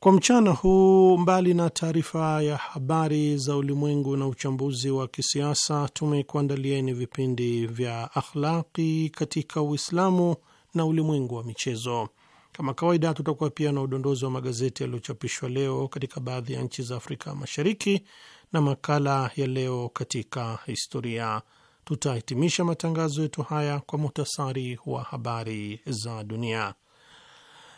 Kwa mchana huu, mbali na taarifa ya habari za ulimwengu na uchambuzi wa kisiasa, tumekuandalieni vipindi vya akhlaqi katika Uislamu na ulimwengu wa michezo. Kama kawaida, tutakuwa pia na udondozi wa magazeti yaliyochapishwa leo katika baadhi ya nchi za Afrika Mashariki na makala ya leo katika historia. Tutahitimisha matangazo yetu haya kwa muhtasari wa habari za dunia.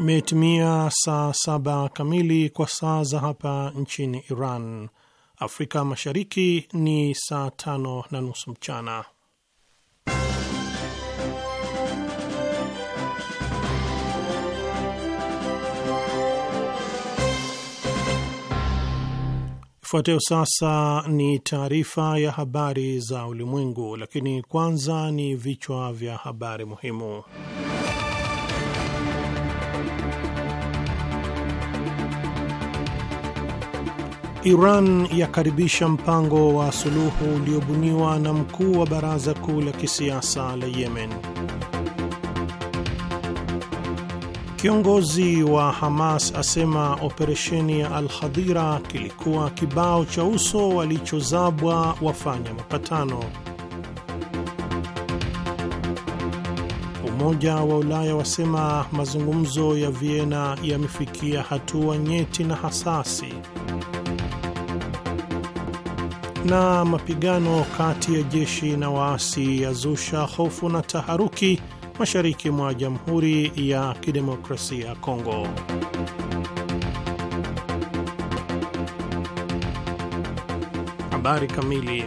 Imetimia saa saba kamili kwa saa za hapa nchini Iran. Afrika Mashariki ni saa tano na nusu mchana. Ifuatayo sasa ni taarifa ya habari za ulimwengu, lakini kwanza ni vichwa vya habari muhimu. Iran yakaribisha mpango wa suluhu uliobuniwa na mkuu wa baraza kuu la kisiasa la Yemen. Kiongozi wa Hamas asema operesheni ya al kilikuwa kibao cha uso walichozabwa wafanya mapatano. Umoja wa Ulaya wasema mazungumzo ya Vienna yamefikia hatua nyeti na hasasi na mapigano kati ya jeshi na waasi yazusha hofu na taharuki mashariki mwa Jamhuri ya Kidemokrasia ya Kongo. Habari kamili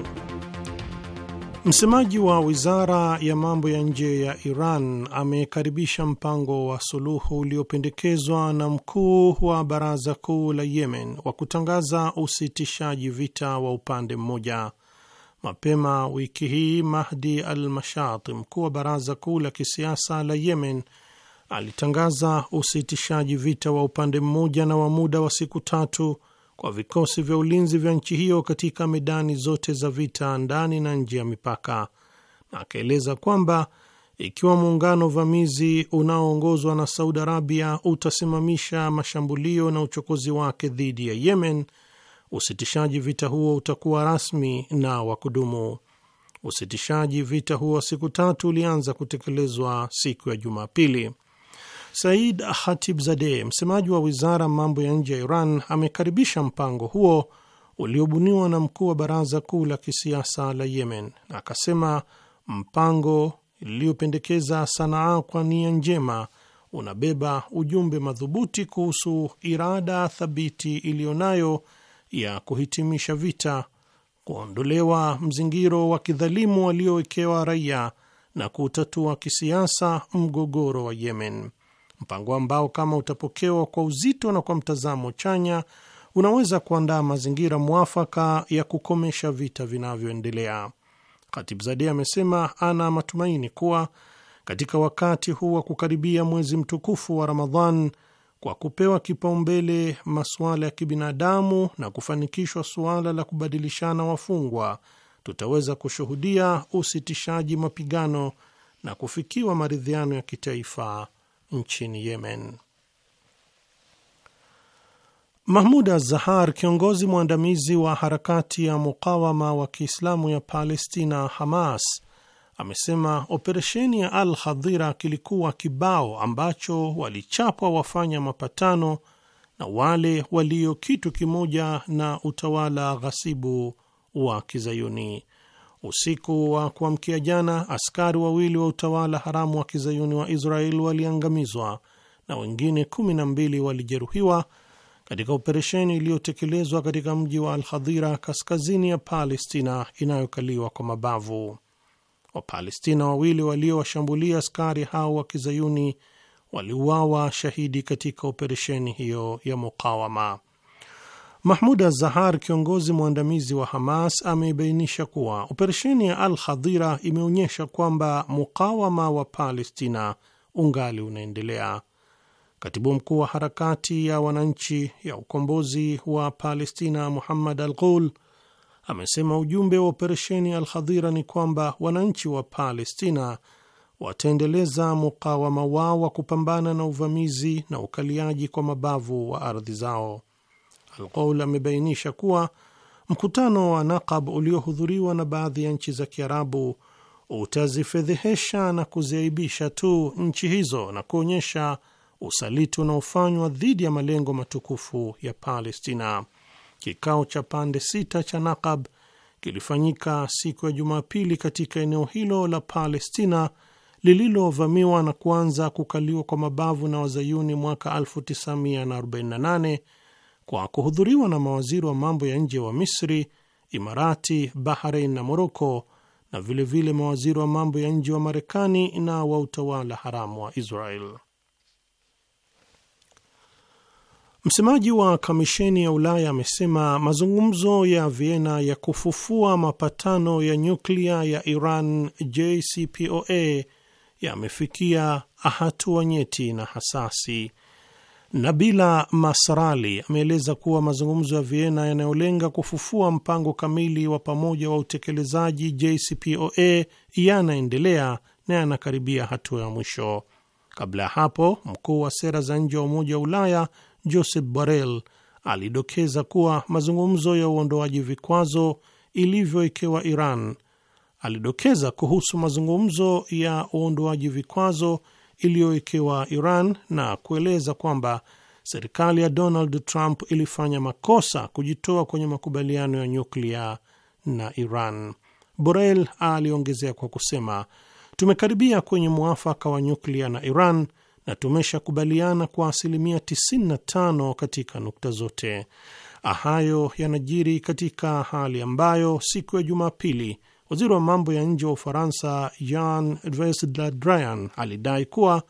Msemaji wa wizara ya mambo ya nje ya Iran amekaribisha mpango wa suluhu uliopendekezwa na mkuu wa baraza kuu la Yemen wa kutangaza usitishaji vita wa upande mmoja. Mapema wiki hii, Mahdi al Mashat, mkuu wa baraza kuu la kisiasa la Yemen, alitangaza usitishaji vita wa upande mmoja na wa muda wa siku tatu kwa vikosi vya ulinzi vya nchi hiyo katika medani zote za vita ndani na nje ya mipaka, na akaeleza kwamba ikiwa muungano vamizi unaoongozwa na Saudi Arabia utasimamisha mashambulio na uchokozi wake dhidi ya Yemen, usitishaji vita huo utakuwa rasmi na wa kudumu. Usitishaji vita huo wa siku tatu ulianza kutekelezwa siku ya Jumapili. Said Khatibzadeh, msemaji wa wizara mambo ya nje ya Iran, amekaribisha mpango huo uliobuniwa na mkuu wa baraza kuu la kisiasa la Yemen na akasema mpango iliyopendekeza Sanaa kwa nia njema unabeba ujumbe madhubuti kuhusu irada thabiti iliyo nayo ya kuhitimisha vita, kuondolewa mzingiro wa kidhalimu waliowekewa raia na kutatua kisiasa mgogoro wa Yemen mpango ambao kama utapokewa kwa uzito na kwa mtazamo chanya unaweza kuandaa mazingira mwafaka ya kukomesha vita vinavyoendelea. Khatibzadeh amesema ana matumaini kuwa katika wakati huu wa kukaribia mwezi mtukufu wa Ramadhan, kwa kupewa kipaumbele masuala ya kibinadamu na kufanikishwa suala la kubadilishana wafungwa, tutaweza kushuhudia usitishaji mapigano na kufikiwa maridhiano ya kitaifa nchini Yemen. Mahmud azahar kiongozi mwandamizi wa harakati ya mukawama wa Kiislamu ya Palestina, Hamas, amesema operesheni ya Al Hadhira kilikuwa kibao ambacho walichapwa wafanya mapatano na wale walio kitu kimoja na utawala ghasibu wa Kizayuni. Usiku wa kuamkia jana, askari wawili wa utawala haramu wa kizayuni wa israel waliangamizwa na wengine kumi na mbili walijeruhiwa katika operesheni iliyotekelezwa katika mji wa Alhadhira kaskazini ya Palestina inayokaliwa kwa mabavu. Wapalestina wawili waliowashambulia askari hao wa kizayuni waliuawa shahidi katika operesheni hiyo ya mukawama. Mahmud Azahar, kiongozi mwandamizi wa Hamas, amebainisha kuwa operesheni ya Al Hadhira imeonyesha kwamba mukawama wa Palestina ungali unaendelea. Katibu mkuu wa harakati ya wananchi ya ukombozi wa Palestina, Muhammad Al Ghul, amesema ujumbe wa operesheni Al Hadhira ni kwamba wananchi wa Palestina wataendeleza mukawama wao wa kupambana na uvamizi na ukaliaji kwa mabavu wa ardhi zao. Alqoul amebainisha kuwa mkutano wa Naqab uliohudhuriwa na baadhi ya nchi za Kiarabu utazifedhehesha na kuziaibisha tu nchi hizo na kuonyesha usaliti unaofanywa dhidi ya malengo matukufu ya Palestina. Kikao cha pande sita cha Naqab kilifanyika siku ya Jumapili katika eneo hilo la Palestina lililovamiwa na kuanza kukaliwa kwa mabavu na wazayuni mwaka 1948 kwa kuhudhuriwa na mawaziri wa mambo ya nje wa Misri, Imarati, Bahrain na Moroko, na vilevile vile mawaziri wa mambo ya nje wa Marekani na wa utawala haramu wa Israel. Msemaji wa kamisheni ya Ulaya amesema mazungumzo ya Vienna ya kufufua mapatano ya nyuklia ya Iran JCPOA yamefikia hatua nyeti na hasasi. Nabila Masrali ameeleza kuwa mazungumzo ya Vienna yanayolenga kufufua mpango kamili wa pamoja wa utekelezaji JCPOA yanaendelea na yanakaribia hatua ya mwisho. Kabla ya hapo, mkuu wa sera za nje wa Umoja wa Ulaya joseph Borrell alidokeza kuwa mazungumzo ya uondoaji vikwazo ilivyowekewa Iran alidokeza kuhusu mazungumzo ya uondoaji vikwazo iliyowekewa Iran na kueleza kwamba serikali ya Donald Trump ilifanya makosa kujitoa kwenye makubaliano ya nyuklia na Iran. Borel aliongezea kwa kusema, tumekaribia kwenye mwafaka wa nyuklia na Iran na tumeshakubaliana kwa asilimia 95 katika nukta zote. Hayo yanajiri katika hali ambayo siku ya Jumapili Waziri wa mambo ya nje wa Ufaransa Jean Yves Le Drian alidai kuwa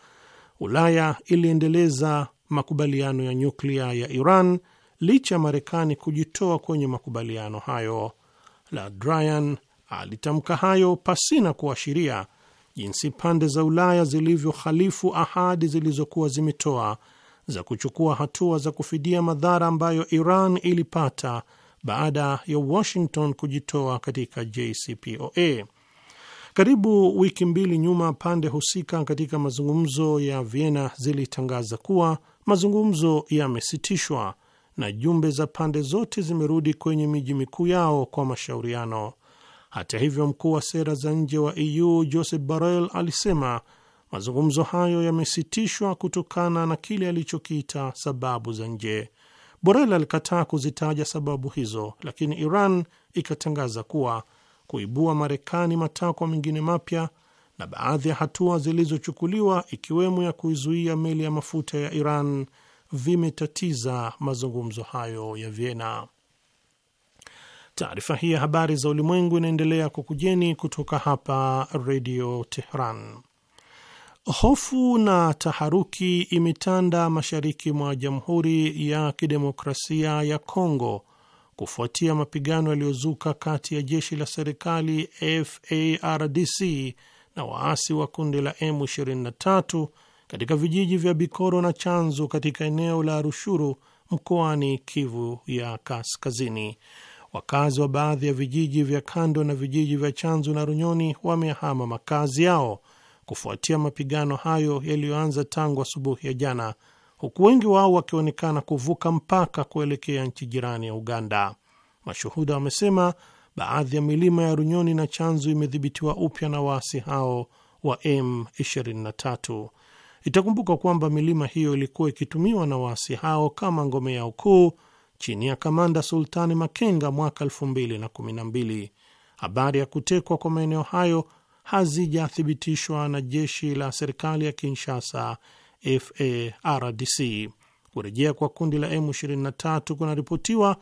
Ulaya iliendeleza makubaliano ya nyuklia ya Iran licha ya Marekani kujitoa kwenye makubaliano hayo. La Drian alitamka hayo pasina kuashiria jinsi pande za Ulaya zilivyohalifu ahadi zilizokuwa zimetoa za kuchukua hatua za kufidia madhara ambayo Iran ilipata baada ya Washington kujitoa katika JCPOA. Karibu wiki mbili nyuma, pande husika katika mazungumzo ya Vienna zilitangaza kuwa mazungumzo yamesitishwa na jumbe za pande zote zimerudi kwenye miji mikuu yao kwa mashauriano. Hata hivyo, mkuu wa sera za nje wa EU Josep Borrell alisema mazungumzo hayo yamesitishwa kutokana na kile alichokiita sababu za nje. Borel alikataa kuzitaja sababu hizo, lakini Iran ikatangaza kuwa kuibua Marekani matakwa mengine mapya na baadhi ya hatua zilizochukuliwa ikiwemo ya kuizuia meli ya mafuta ya Iran vimetatiza mazungumzo hayo ya Vienna. Taarifa hii ya habari za ulimwengu inaendelea kukujeni kutoka hapa Redio Tehran. Hofu na taharuki imetanda mashariki mwa Jamhuri ya Kidemokrasia ya Kongo kufuatia mapigano yaliyozuka kati ya jeshi la serikali FARDC na waasi wa kundi la M23 katika vijiji vya Bikoro na Chanzu katika eneo la Rushuru mkoani Kivu ya Kaskazini. Wakazi wa baadhi ya vijiji vya kando na vijiji vya Chanzu na Runyoni wamehama makazi yao kufuatia mapigano hayo yaliyoanza tangu asubuhi ya jana, huku wengi wao wakionekana kuvuka mpaka kuelekea nchi jirani ya Uganda. Mashuhuda wamesema baadhi ya milima ya Runyoni na Chanzu imedhibitiwa upya na waasi hao wa M23. Itakumbuka kwamba milima hiyo ilikuwa ikitumiwa na waasi hao kama ngome yao kuu chini ya kamanda Sultani Makenga mwaka 2012. Habari ya kutekwa kwa maeneo hayo hazijathibitishwa na jeshi la serikali ya Kinshasa FARDC. Kurejea kwa kundi la M23 kunaripotiwa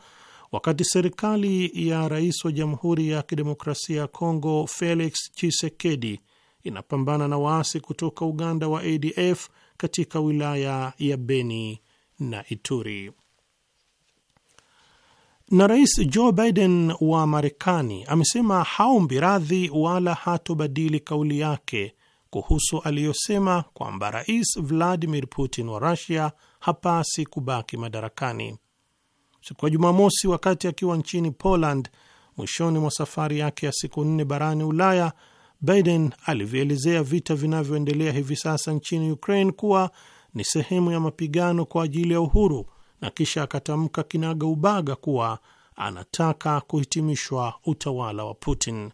wakati serikali ya rais wa Jamhuri ya Kidemokrasia ya Kongo Felix Tshisekedi inapambana na waasi kutoka Uganda wa ADF katika wilaya ya Beni na Ituri. Na Rais Joe Biden wa Marekani amesema haombi radhi wala hatobadili kauli yake kuhusu aliyosema kwamba Rais Vladimir Putin wa rusia hapasi kubaki madarakani. Siku ya Jumamosi, wakati akiwa nchini Poland mwishoni mwa safari yake ya siku nne barani Ulaya, Biden alivyoelezea vita vinavyoendelea hivi sasa nchini Ukraine kuwa ni sehemu ya mapigano kwa ajili ya uhuru na kisha akatamka kinaga ubaga kuwa anataka kuhitimishwa utawala wa Putin.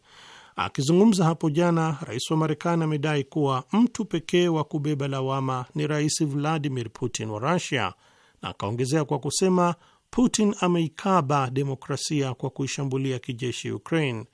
Akizungumza hapo jana, rais wa Marekani amedai kuwa mtu pekee wa kubeba lawama ni Rais Vladimir Putin wa rusia na akaongezea kwa kusema Putin ameikaba demokrasia kwa kuishambulia kijeshi Ukraine.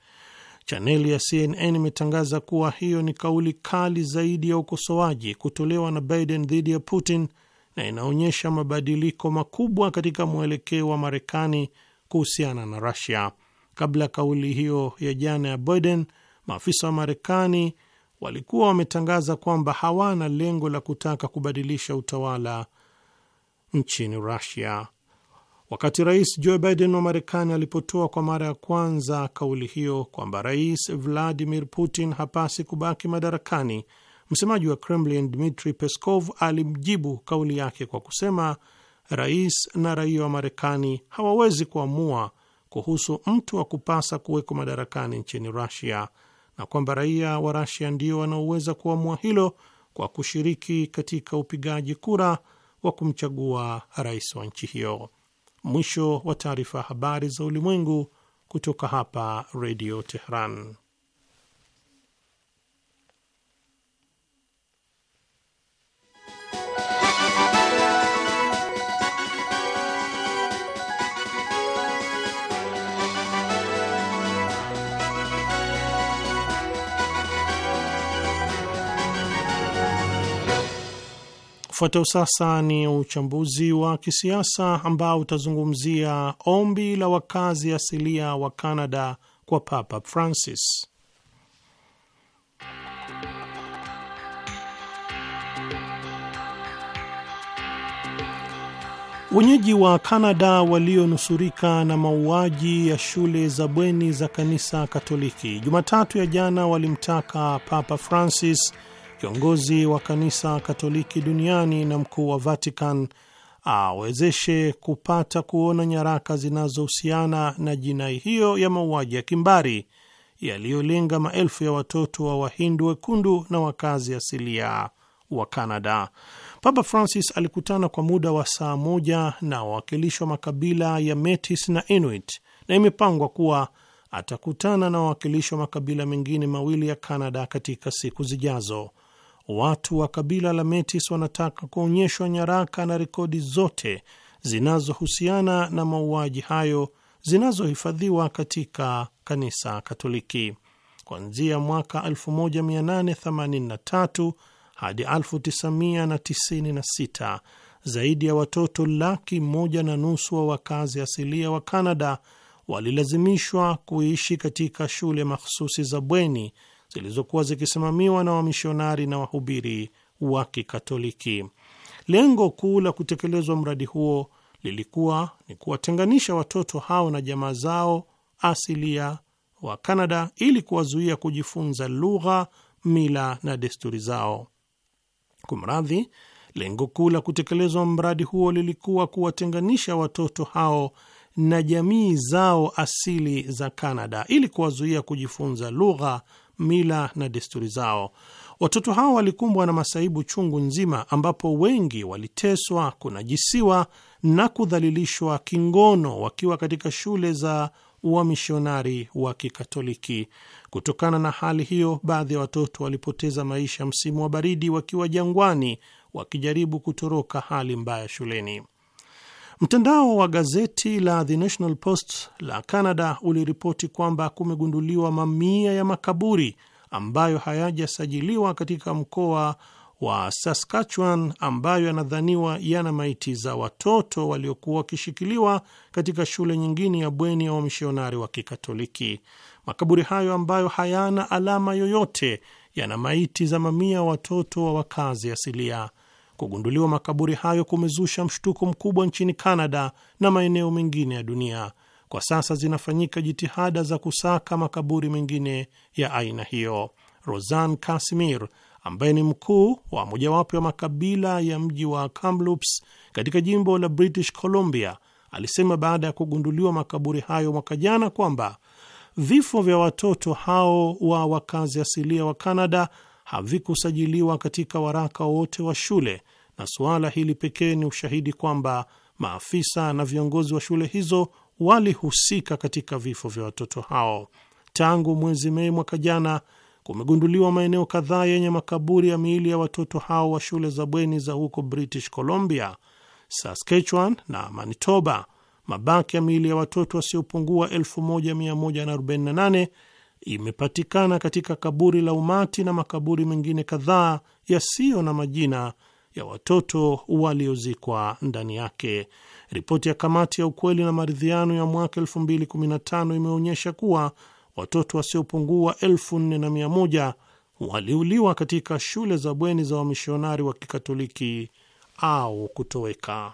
Chaneli ya CNN imetangaza kuwa hiyo ni kauli kali zaidi ya ukosoaji kutolewa na Biden dhidi ya Putin na inaonyesha mabadiliko makubwa katika mwelekeo wa Marekani kuhusiana na rasia Kabla ya kauli hiyo ya jana ya Biden, maafisa wa Marekani walikuwa wametangaza kwamba hawana lengo la kutaka kubadilisha utawala nchini rusia Wakati Rais Joe Biden wa Marekani alipotoa kwa mara ya kwanza kauli hiyo kwamba Rais Vladimir Putin hapasi kubaki madarakani, Msemaji wa Kremlin Dmitri Peskov alimjibu kauli yake kwa kusema rais na raia wa Marekani hawawezi kuamua kuhusu mtu wa kupasa kuwekwa madarakani nchini Rusia na kwamba raia wa Rusia ndio wanaoweza kuamua hilo kwa kushiriki katika upigaji kura wa kumchagua rais wa nchi hiyo. Mwisho wa taarifa. Habari za Ulimwengu kutoka hapa Redio Teheran. Ufuatao sasa ni uchambuzi wa kisiasa ambao utazungumzia ombi la wakazi asilia wa Kanada kwa Papa Francis. Wenyeji wa Kanada walionusurika na mauaji ya shule za bweni za kanisa Katoliki Jumatatu ya jana walimtaka Papa Francis kiongozi wa kanisa Katoliki duniani na mkuu wa Vatican awezeshe kupata kuona nyaraka zinazohusiana na jinai hiyo ya mauaji ya kimbari yaliyolenga maelfu ya watoto wa wahindu wekundu na wakazi asilia wa canada Papa Francis alikutana kwa muda wa saa moja na wawakilishi wa makabila ya Metis na Inuit, na imepangwa kuwa atakutana na wawakilishi wa makabila mengine mawili ya canada katika siku zijazo watu wa kabila la Metis wanataka kuonyeshwa nyaraka na rekodi zote zinazohusiana na mauaji hayo zinazohifadhiwa katika kanisa Katoliki. Kuanzia mwaka 1883 hadi 1996 zaidi ya watoto laki moja na nusu wa wakazi asilia wa Kanada walilazimishwa kuishi katika shule mahsusi za bweni zilizokuwa zikisimamiwa na wamishonari na wahubiri wa Kikatoliki. Lengo kuu la kutekelezwa mradi huo lilikuwa ni kuwatenganisha watoto hao na jamaa zao asilia wa Kanada ili kuwazuia kujifunza lugha, mila na desturi zao. Kumradhi, lengo kuu la kutekelezwa mradi huo lilikuwa kuwatenganisha watoto hao na jamii zao asili za Kanada ili kuwazuia kujifunza lugha, mila na desturi zao. Watoto hao walikumbwa na masaibu chungu nzima, ambapo wengi waliteswa, kunajisiwa na kudhalilishwa kingono wakiwa katika shule za wamishonari wa Kikatoliki. Kutokana na hali hiyo, baadhi ya watoto walipoteza maisha msimu wa baridi wakiwa jangwani, wakijaribu kutoroka hali mbaya shuleni. Mtandao wa gazeti la The National Post la Canada uliripoti kwamba kumegunduliwa mamia ya makaburi ambayo hayajasajiliwa katika mkoa wa Saskatchewan ambayo yanadhaniwa yana maiti za watoto waliokuwa wakishikiliwa katika shule nyingine ya bweni ya wamishonari wa Kikatoliki. Makaburi hayo ambayo hayana alama yoyote yana maiti za mamia watoto wa wakazi asilia. Kugunduliwa makaburi hayo kumezusha mshtuko mkubwa nchini canada na maeneo mengine ya dunia. Kwa sasa zinafanyika jitihada za kusaka makaburi mengine ya aina hiyo. Rosan Kasimir ambaye ni mkuu wa mojawapo ya makabila ya mji wa Kamloops katika jimbo la British Columbia alisema baada ya kugunduliwa makaburi hayo mwaka jana kwamba vifo vya watoto hao wa wakazi asilia wa canada havikusajiliwa katika waraka wote wa shule, na suala hili pekee ni ushahidi kwamba maafisa na viongozi wa shule hizo walihusika katika vifo vya watoto hao. Tangu mwezi Mei mwaka jana kumegunduliwa maeneo kadhaa yenye makaburi ya miili ya watoto hao wa shule za bweni za huko British Columbia, Saskatchewan na Manitoba, mabaki ya miili ya watoto wasiopungua 1148 imepatikana katika kaburi la umati na makaburi mengine kadhaa yasiyo na majina ya watoto waliozikwa ndani yake. Ripoti ya kamati ya ukweli na maridhiano ya mwaka 2015 imeonyesha kuwa watoto wasiopungua 41 waliuliwa katika shule za bweni za wamishonari wa Kikatoliki au kutoweka.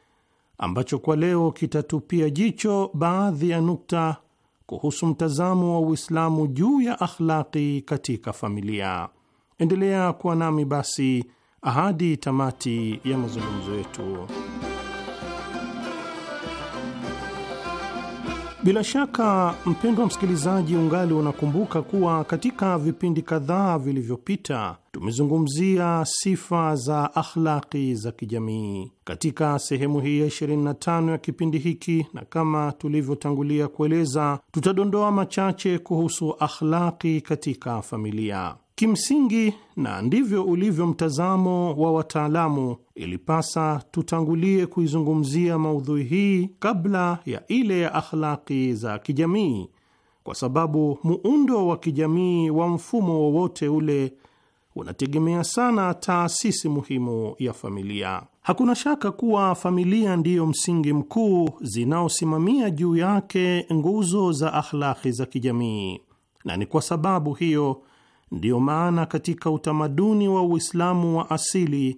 ambacho kwa leo kitatupia jicho baadhi ya nukta kuhusu mtazamo wa Uislamu juu ya akhlaki katika familia. Endelea kuwa nami basi ahadi tamati ya mazungumzo yetu. Bila shaka mpendwa msikilizaji, ungali unakumbuka kuwa katika vipindi kadhaa vilivyopita tumezungumzia sifa za akhlaki za kijamii katika sehemu hii ya 25 ya kipindi hiki, na kama tulivyotangulia kueleza, tutadondoa machache kuhusu akhlaki katika familia. Kimsingi, na ndivyo ulivyo mtazamo wa wataalamu, ilipasa tutangulie kuizungumzia maudhui hii kabla ya ile ya akhlaqi za kijamii, kwa sababu muundo wa kijamii wa mfumo wowote ule unategemea sana taasisi muhimu ya familia. Hakuna shaka kuwa familia ndiyo msingi mkuu zinaosimamia juu yake nguzo za akhlaki za kijamii, na ni kwa sababu hiyo ndiyo maana katika utamaduni wa Uislamu wa asili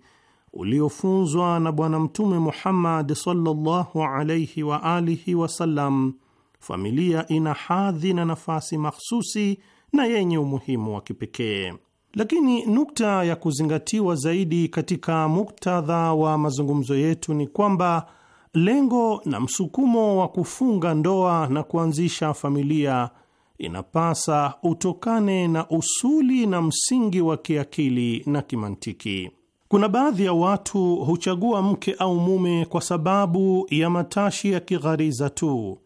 uliofunzwa na Bwana Mtume Muhammad sallallahu alaihi wa alihi wasallam, familia ina hadhi na nafasi mahsusi na yenye umuhimu wa kipekee. Lakini nukta ya kuzingatiwa zaidi katika muktadha wa mazungumzo yetu ni kwamba lengo na msukumo wa kufunga ndoa na kuanzisha familia inapasa utokane na usuli na msingi wa kiakili na kimantiki. Kuna baadhi ya watu huchagua mke au mume kwa sababu ya matashi ya kighariza tu,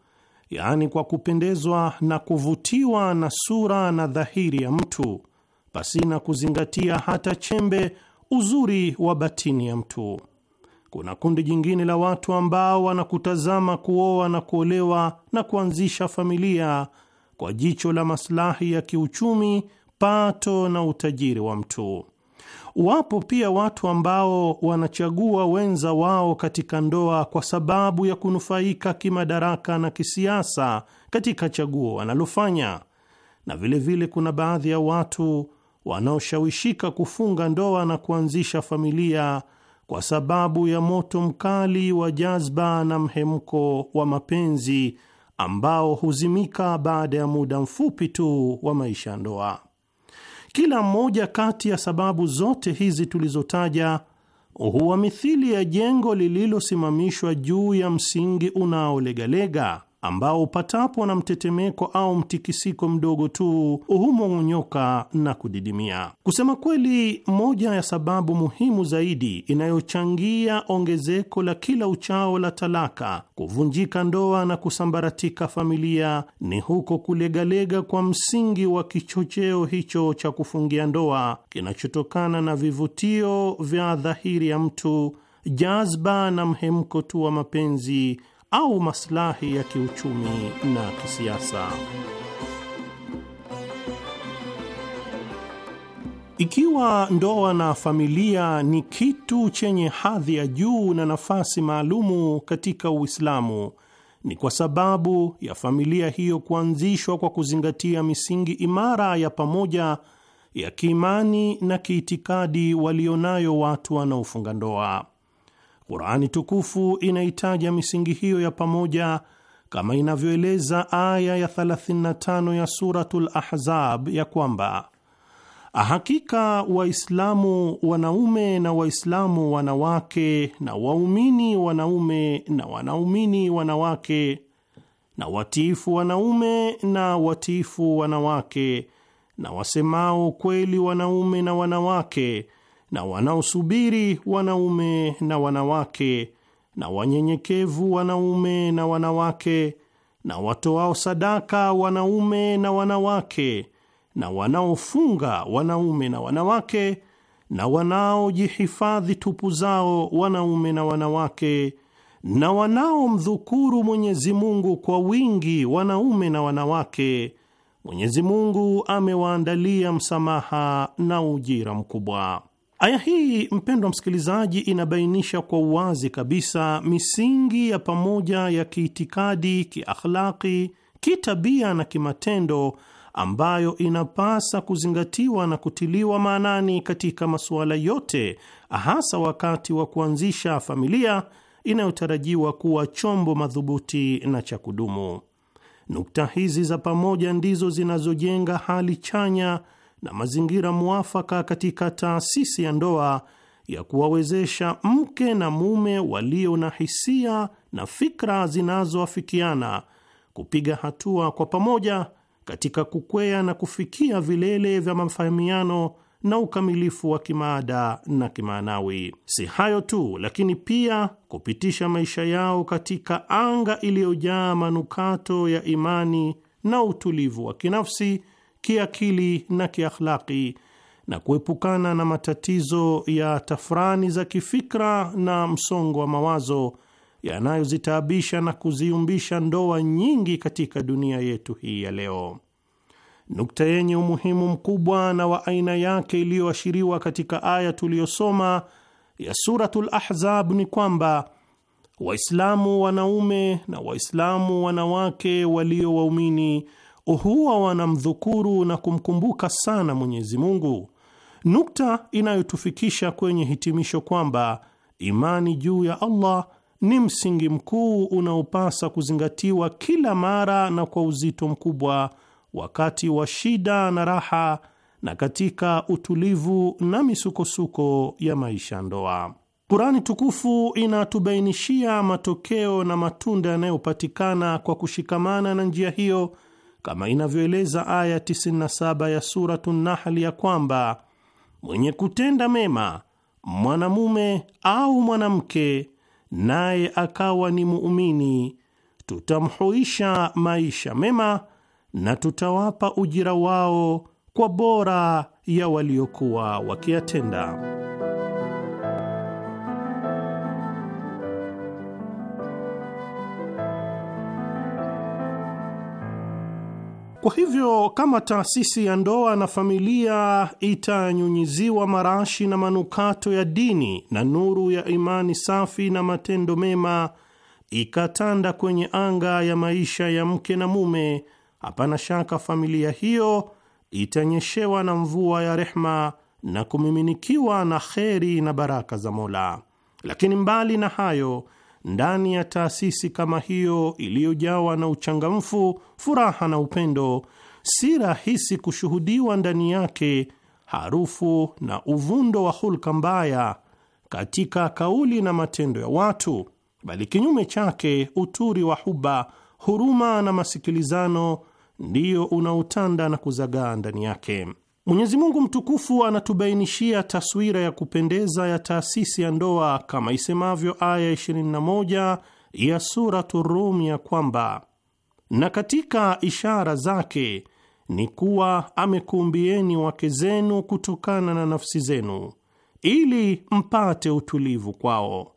yaani kwa kupendezwa na kuvutiwa na sura na dhahiri ya mtu pasina kuzingatia hata chembe uzuri wa batini ya mtu. Kuna kundi jingine la watu ambao wanakutazama kuoa na kuolewa na kuanzisha familia kwa jicho la maslahi ya kiuchumi, pato na utajiri wa mtu. Wapo pia watu ambao wanachagua wenza wao katika ndoa kwa sababu ya kunufaika kimadaraka na kisiasa katika chaguo wanalofanya, na vilevile vile kuna baadhi ya watu wanaoshawishika kufunga ndoa na kuanzisha familia kwa sababu ya moto mkali wa jazba na mhemko wa mapenzi ambao huzimika baada ya muda mfupi tu wa maisha ya ndoa. Kila mmoja kati ya sababu zote hizi tulizotaja huwa mithili ya jengo lililosimamishwa juu ya msingi unaolegalega ambao upatapo na mtetemeko au mtikisiko mdogo tu humong'onyoka na kudidimia. Kusema kweli, moja ya sababu muhimu zaidi inayochangia ongezeko la kila uchao la talaka, kuvunjika ndoa na kusambaratika familia ni huko kulegalega kwa msingi wa kichocheo hicho cha kufungia ndoa kinachotokana na vivutio vya dhahiri ya mtu, jazba na mhemko tu wa mapenzi au maslahi ya kiuchumi na kisiasa. Ikiwa ndoa na familia ni kitu chenye hadhi ya juu na nafasi maalumu katika Uislamu, ni kwa sababu ya familia hiyo kuanzishwa kwa kuzingatia misingi imara ya pamoja ya kiimani na kiitikadi walionayo watu wanaofunga ndoa. Qurani tukufu inaitaja misingi hiyo ya pamoja kama inavyoeleza aya ya 35 ya Suratul Ahzab ya kwamba hakika Waislamu wanaume na Waislamu wanawake na waumini wanaume na wanaumini wanawake na watiifu wanaume na watiifu wanawake na wasemao kweli wanaume na wanawake na wanaosubiri wanaume na wanawake na wanyenyekevu wanaume na wanawake na watoao sadaka wanaume na wanawake na wanaofunga wanaume na wanawake na wanaojihifadhi tupu zao wanaume na wanawake na wanaomdhukuru Mwenyezi Mungu kwa wingi wanaume na wanawake, Mwenyezi Mungu amewaandalia msamaha na ujira mkubwa. Aya hii mpendwa msikilizaji, inabainisha kwa uwazi kabisa misingi ya pamoja ya kiitikadi, kiakhlaki, kitabia na kimatendo ambayo inapasa kuzingatiwa na kutiliwa maanani katika masuala yote, hasa wakati wa kuanzisha familia inayotarajiwa kuwa chombo madhubuti na cha kudumu. Nukta hizi za pamoja ndizo zinazojenga hali chanya na mazingira muafaka katika taasisi ya ndoa ya kuwawezesha mke na mume walio na hisia na fikra zinazoafikiana kupiga hatua kwa pamoja katika kukwea na kufikia vilele vya mafahamiano na ukamilifu wa kimaada na kimaanawi. Si hayo tu, lakini pia kupitisha maisha yao katika anga iliyojaa manukato ya imani na utulivu wa kinafsi kiakili na kiakhlaki na kuepukana na matatizo ya tafrani za kifikra na msongo wa mawazo yanayozitaabisha na kuziumbisha ndoa nyingi katika dunia yetu hii ya leo. Nukta yenye umuhimu mkubwa na wa aina yake iliyoashiriwa katika aya tuliyosoma ya Suratul Ahzab ni kwamba Waislamu wanaume na Waislamu wanawake walio waumini huwa wanamdhukuru na kumkumbuka sana Mwenyezi Mungu, nukta inayotufikisha kwenye hitimisho kwamba imani juu ya Allah ni msingi mkuu unaopasa kuzingatiwa kila mara na kwa uzito mkubwa, wakati wa shida na raha, na katika utulivu na misukosuko ya maisha ndoa. Kurani tukufu inatubainishia matokeo na matunda yanayopatikana kwa kushikamana na njia hiyo kama inavyoeleza aya 97 ya Suratu Nahli ya kwamba mwenye kutenda mema mwanamume au mwanamke, naye akawa ni muumini, tutamhuisha maisha mema na tutawapa ujira wao kwa bora ya waliokuwa wakiyatenda. Kwa hivyo kama taasisi ya ndoa na familia itanyunyiziwa marashi na manukato ya dini na nuru ya imani safi na matendo mema ikatanda kwenye anga ya maisha ya mke na mume, hapana shaka familia hiyo itanyeshewa na mvua ya rehma na kumiminikiwa na kheri na baraka za Mola. Lakini mbali na hayo ndani ya taasisi kama hiyo iliyojawa na uchangamfu, furaha na upendo, si rahisi kushuhudiwa ndani yake harufu na uvundo wa hulka mbaya katika kauli na matendo ya watu, bali kinyume chake uturi wa huba, huruma na masikilizano ndiyo unaotanda na kuzagaa ndani yake. Mwenyezi Mungu mtukufu anatubainishia taswira ya kupendeza ya taasisi ya ndoa kama isemavyo aya 21 ya suratu Rum ya kwamba, na katika ishara zake ni kuwa amekuumbieni wake zenu kutokana na nafsi zenu ili mpate utulivu kwao,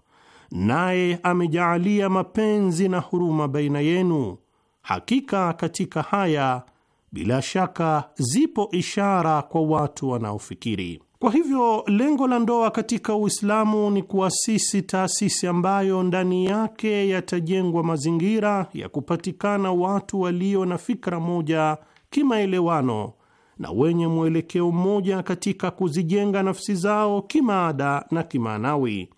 naye amejaalia mapenzi na huruma baina yenu. Hakika katika haya bila shaka zipo ishara kwa watu wanaofikiri. Kwa hivyo lengo la ndoa katika Uislamu ni kuasisi taasisi ambayo ndani yake yatajengwa mazingira ya kupatikana watu walio na fikra moja kimaelewano na wenye mwelekeo mmoja katika kuzijenga nafsi zao kimaada na kimaanawi,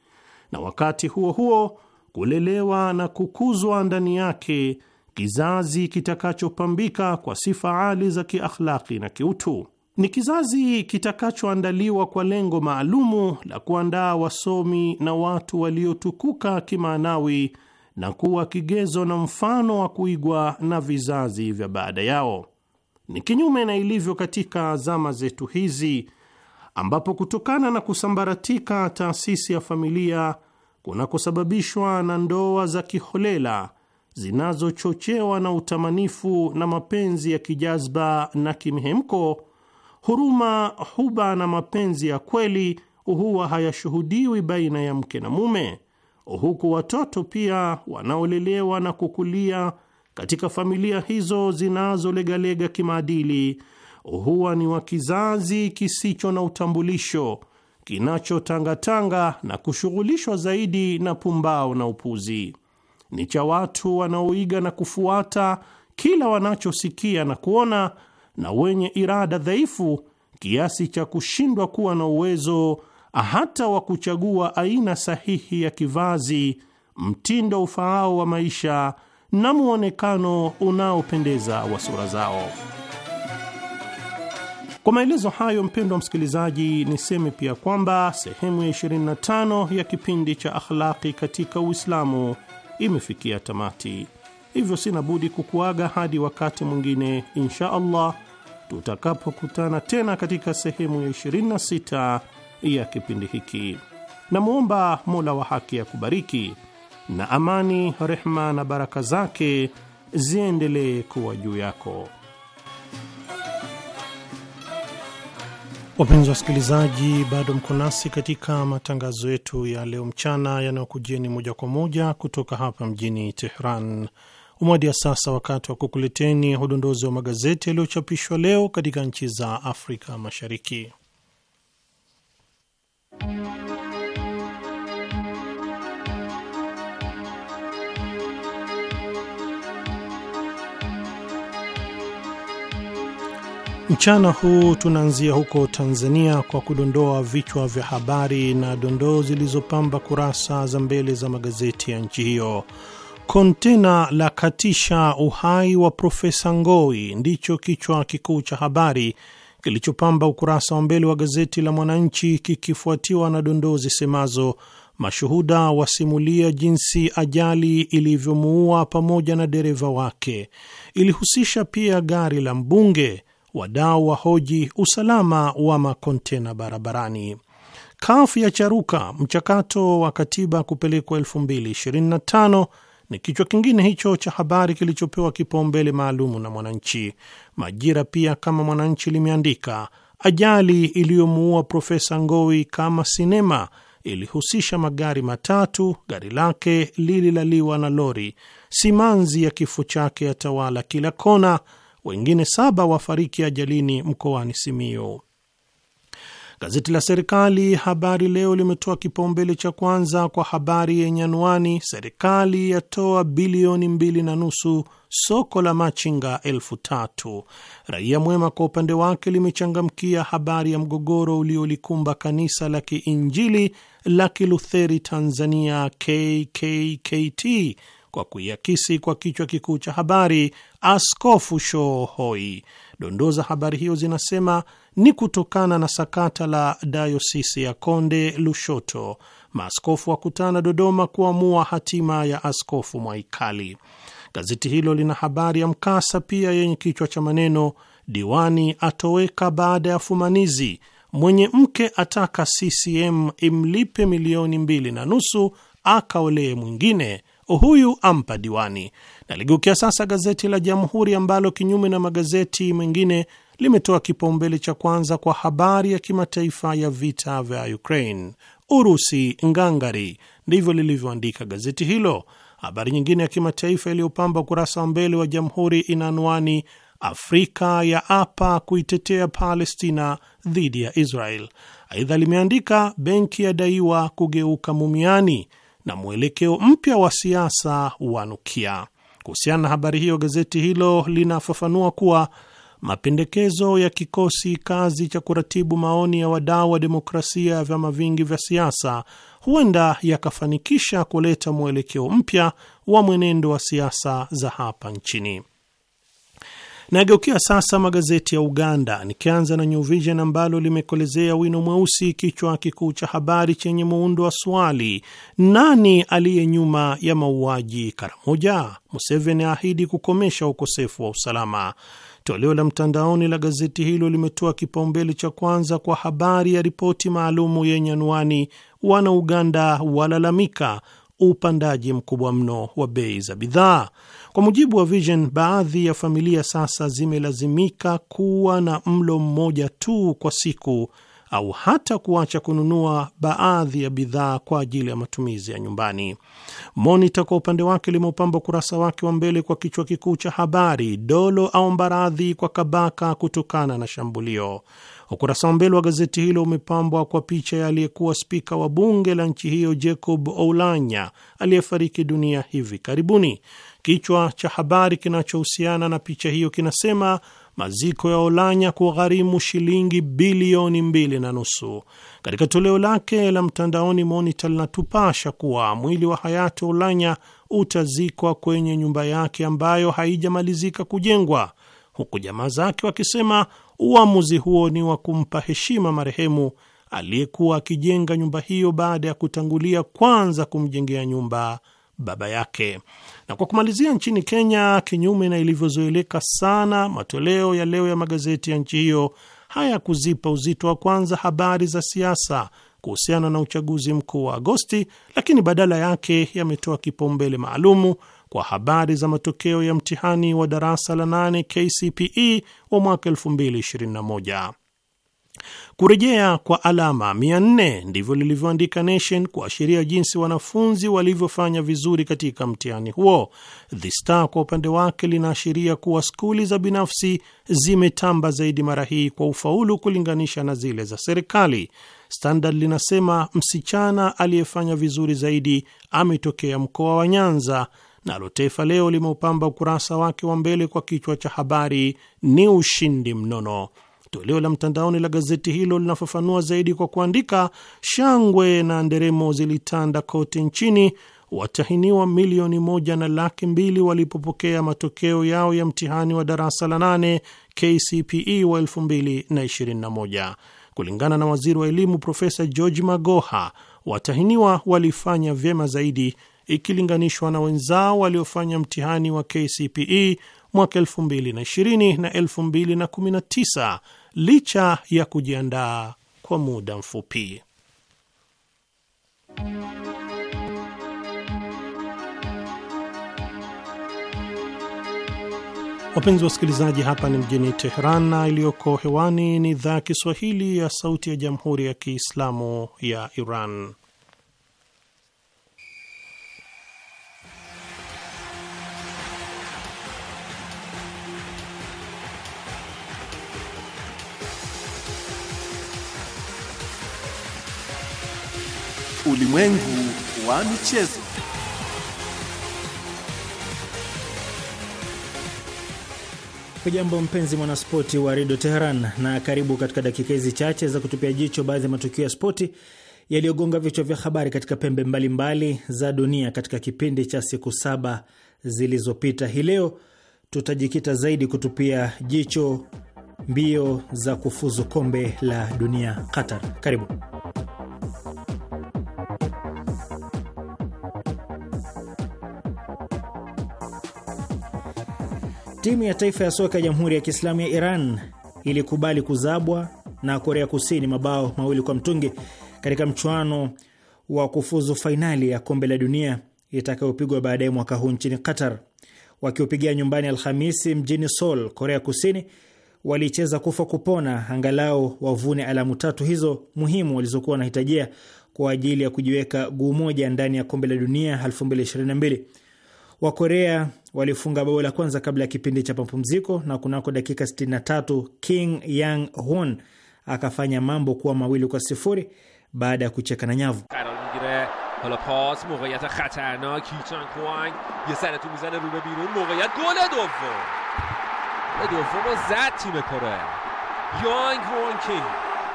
na wakati huo huo kulelewa na kukuzwa ndani yake kizazi kitakachopambika kwa sifa ali za kiakhlaki na kiutu. Ni kizazi kitakachoandaliwa kwa lengo maalumu la kuandaa wasomi na watu waliotukuka kimaanawi na kuwa kigezo na mfano wa kuigwa na vizazi vya baada yao. Ni kinyume na ilivyo katika zama zetu hizi ambapo kutokana na kusambaratika taasisi ya familia kunakosababishwa na ndoa za kiholela zinazochochewa na utamanifu na mapenzi ya kijazba na kimhemko, huruma, huba na mapenzi ya kweli huwa hayashuhudiwi baina ya mke na mume, huku watoto pia wanaolelewa na kukulia katika familia hizo zinazolegalega kimaadili huwa ni wa kizazi kisicho na utambulisho, kinachotangatanga na kushughulishwa zaidi na pumbao na upuzi ni cha watu wanaoiga na kufuata kila wanachosikia na kuona, na wenye irada dhaifu kiasi cha kushindwa kuwa na uwezo hata wa kuchagua aina sahihi ya kivazi, mtindo ufaao wa maisha na muonekano unaopendeza wa sura zao. Kwa maelezo hayo, mpendwa msikilizaji, niseme pia kwamba sehemu ya 25 ya kipindi cha Akhlaqi katika Uislamu imefikia tamati, hivyo sina budi kukuaga hadi wakati mwingine insha Allah tutakapokutana tena katika sehemu ya 26 ya kipindi hiki. Namwomba Mola wa haki ya kubariki na amani, rehma na baraka zake ziendelee kuwa juu yako. Wapenzi wasikilizaji, bado mko nasi katika matangazo yetu ya leo mchana yanayokujieni moja kwa moja kutoka hapa mjini Tehran. ya sasa wakati wa kukuleteni udondozi wa magazeti yaliyochapishwa leo katika nchi za Afrika Mashariki. Mchana huu tunaanzia huko Tanzania kwa kudondoa vichwa vya habari na dondoo zilizopamba kurasa za mbele za magazeti ya nchi hiyo. Kontena la katisha uhai wa Profesa ngoi ndicho kichwa kikuu cha habari kilichopamba ukurasa wa mbele wa gazeti la Mwananchi, kikifuatiwa na dondoo zisemazo mashuhuda wasimulia jinsi ajali ilivyomuua pamoja na dereva wake, ilihusisha pia gari la mbunge wadau wa hoji usalama wa makontena barabarani. Kafu ya charuka mchakato wa katiba kupelekwa 2025 ni kichwa kingine hicho cha habari kilichopewa kipaumbele maalumu na Mwananchi. Majira pia kama Mwananchi limeandika ajali iliyomuua Profesa Ngowi kama sinema ilihusisha magari matatu, gari lake lililaliwa na lori. Simanzi ya kifo chake yatawala kila kona, wengine saba wafariki ajalini mkoani Simiyu. Gazeti la serikali Habari Leo limetoa kipaumbele cha kwanza kwa habari yenye anwani serikali yatoa bilioni mbili na nusu soko la machinga elfu tatu. Raia Mwema kwa upande wake limechangamkia habari ya mgogoro uliolikumba kanisa la kiinjili la Kilutheri Tanzania KKKT kwa kuiakisi kwa kichwa kikuu cha habari, Askofu Shoo hoi. Dondoo za habari hiyo zinasema ni kutokana na sakata la dayosisi ya Konde Lushoto, maaskofu wakutana Dodoma kuamua hatima ya Askofu Mwaikali. Gazeti hilo lina habari ya mkasa pia yenye kichwa cha maneno diwani atoweka baada ya fumanizi, mwenye mke ataka CCM imlipe milioni mbili na nusu akaolee mwingine, huyu ampa diwani. Naligeukia sasa gazeti la Jamhuri ambalo kinyume na magazeti mengine limetoa kipaumbele cha kwanza kwa habari ya kimataifa ya vita vya Ukraine. Urusi ngangari, ndivyo lilivyoandika gazeti hilo. Habari nyingine ya kimataifa iliyopamba ukurasa wa mbele wa Jamhuri ina anwani Afrika ya apa kuitetea Palestina dhidi ya Israel. Aidha limeandika benki yadaiwa kugeuka mumiani na mwelekeo mpya wa siasa wanukia. Kuhusiana na habari hiyo, gazeti hilo linafafanua kuwa mapendekezo ya kikosi kazi cha kuratibu maoni ya wadau wa demokrasia ya vyama vingi vya siasa huenda yakafanikisha kuleta mwelekeo mpya wa mwenendo wa siasa za hapa nchini. Nageukia sasa magazeti ya Uganda, nikianza na New Vision ambalo limekolezea wino mweusi kichwa kikuu cha habari chenye muundo wa swali, nani aliye nyuma ya mauaji Karamoja? Museveni aahidi kukomesha ukosefu wa usalama. Toleo la mtandaoni la gazeti hilo limetoa kipaumbele cha kwanza kwa habari ya ripoti maalumu yenye anwani, wana Uganda walalamika upandaji mkubwa mno wa bei za bidhaa. Kwa mujibu wa Vision, baadhi ya familia sasa zimelazimika kuwa na mlo mmoja tu kwa siku au hata kuacha kununua baadhi ya bidhaa kwa ajili ya matumizi ya nyumbani. Monita kwa upande wake limeupamba ukurasa wake wa mbele kwa kichwa kikuu cha habari, dolo aomba radhi kwa Kabaka kutokana na shambulio. Ukurasa wa mbele wa gazeti hilo umepambwa kwa picha ya aliyekuwa spika wa bunge la nchi hiyo Jacob Oulanya aliyefariki dunia hivi karibuni. Kichwa cha habari kinachohusiana na picha hiyo kinasema maziko ya Olanya kugharimu shilingi bilioni mbili na nusu. Katika toleo lake la mtandaoni, monita linatupasha kuwa mwili wa hayati Olanya utazikwa kwenye nyumba yake ambayo haijamalizika kujengwa huku jamaa zake wakisema uamuzi huo ni wa kumpa heshima marehemu aliyekuwa akijenga nyumba hiyo baada ya kutangulia kwanza kumjengea nyumba baba yake. Na kwa kumalizia, nchini Kenya, kinyume na ilivyozoeleka sana, matoleo ya leo ya magazeti ya nchi hiyo hayakuzipa uzito wa kwanza habari za siasa kuhusiana na uchaguzi mkuu wa Agosti, lakini badala yake yametoa kipaumbele maalumu kwa habari za matokeo ya mtihani wa darasa la 8 KCPE wa mwaka 2021. Kurejea kwa alama 400 ndivyo lilivyoandika Nation kuashiria jinsi wanafunzi walivyofanya vizuri katika mtihani huo. The Star kwa upande wake linaashiria kuwa skuli za binafsi zimetamba zaidi mara hii kwa ufaulu kulinganisha na zile za serikali. Standard linasema msichana aliyefanya vizuri zaidi ametokea mkoa wa Nyanza Nalo Taifa Leo limeupamba ukurasa wake wa mbele kwa kichwa cha habari ni ushindi mnono. Toleo la mtandaoni la gazeti hilo linafafanua zaidi kwa kuandika, shangwe na nderemo zilitanda kote nchini watahiniwa milioni moja na laki mbili walipopokea matokeo yao ya mtihani wa darasa la nane KCPE wa moja. Kulingana na waziri wa elimu Profesa George Magoha, watahiniwa walifanya vyema zaidi ikilinganishwa na wenzao waliofanya mtihani wa KCPE mwaka 2020 na 2019 licha ya kujiandaa kwa muda mfupi. Wapenzi wasikilizaji, hapa ni mjini Teheran na iliyoko hewani ni idhaa ya Kiswahili ya Sauti ya Jamhuri ya Kiislamu ya Iran. Ulimwengu wa michezo. Hujambo mpenzi mwanaspoti wa redio Teheran na karibu katika dakika hizi chache za kutupia jicho baadhi ya matukio ya spoti yaliyogonga vichwa vya habari katika pembe mbalimbali mbali za dunia katika kipindi cha siku saba zilizopita. Hii leo tutajikita zaidi kutupia jicho mbio za kufuzu kombe la dunia Qatar. Karibu. Timu ya taifa ya soka ya Jamhuri ya Kiislamu ya Iran ilikubali kuzabwa na Korea Kusini mabao mawili kwa mtungi katika mchuano wa kufuzu fainali ya kombe la dunia itakayopigwa baadaye mwaka huu nchini Qatar. Wakiupigia nyumbani Alhamisi mjini Seoul, Korea Kusini walicheza kufa kupona, angalau wavune alamu tatu hizo muhimu walizokuwa wanahitajia kwa ajili ya kujiweka guu moja ndani ya kombe la dunia 2022. Wakorea walifunga bao la kwanza kabla ya kipindi cha mapumziko, na kunako dakika 63 King Yang Hon akafanya mambo kuwa mawili kwa sifuri baada ya kucheka na nyavu.